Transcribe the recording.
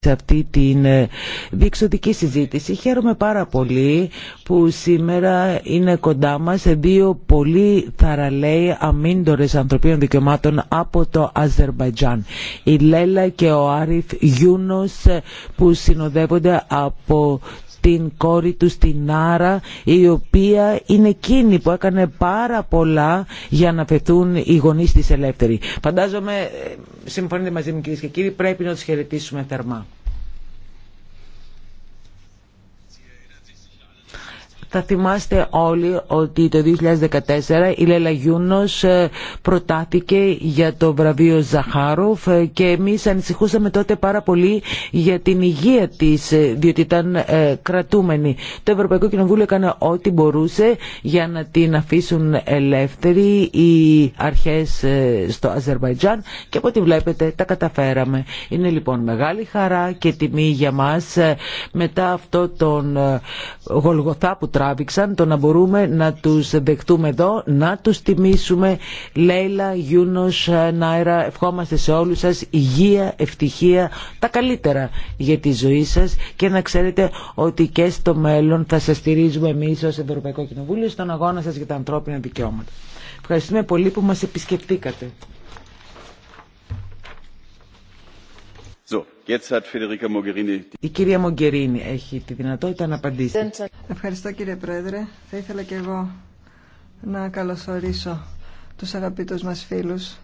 σε αυτή την ε, διεξοδική συζήτηση. Χαίρομαι πάρα πολύ που σήμερα είναι κοντά μας δύο πολύ θαραλέοι αμύντορες ανθρωπίνων δικαιωμάτων από το Αζερβαϊτζάν. Η Λέλα και ο Άριφ Γιούνος ε, που συνοδεύονται από την κόρη του στην Άρα η οποία είναι εκείνη που έκανε πάρα πολλά για να φεθούν οι γονείς της ελεύθεροι. Φαντάζομαι, ε, συμφωνείτε μαζί μου κυρίες και κύριοι, πρέπει να τους χαιρετήσουμε θερμά. Θα θυμάστε όλοι ότι το 2014 η Λέλα Γιούνος ε, προτάθηκε για το βραβείο Ζαχάροφ ε, και εμείς ανησυχούσαμε τότε πάρα πολύ για την υγεία της ε, διότι ήταν κρατούμενη. Το Ευρωπαϊκό Κοινοβούλιο έκανε ό,τι μπορούσε για να την αφήσουν ελεύθερη οι αρχές στο Αζερβαϊτζάν και από ό,τι βλέπετε τα καταφέραμε. Είναι λοιπόν μεγάλη χαρά και τιμή για μας μετά αυτό τον γολγοθά τράβηξαν, το να μπορούμε να τους δεχτούμε εδώ, να τους τιμήσουμε. Λέιλα, Γιούνος, Νάιρα, ευχόμαστε σε όλους σας υγεία, ευτυχία, τα καλύτερα για τη ζωή σας και να ξέρετε ότι και στο μέλλον θα σας στηρίζουμε εμείς ως Ευρωπαϊκό Κοινοβούλιο στον αγώνα σας για τα ανθρώπινα δικαιώματα. Ευχαριστούμε πολύ που μας επισκεφτήκατε. Η κυρία Μογκερίνη έχει τη δυνατότητα να απαντήσει. Ευχαριστώ κύριε Πρόεδρε. Θα ήθελα και εγώ να καλωσορίσω τους αγαπητούς μας φίλους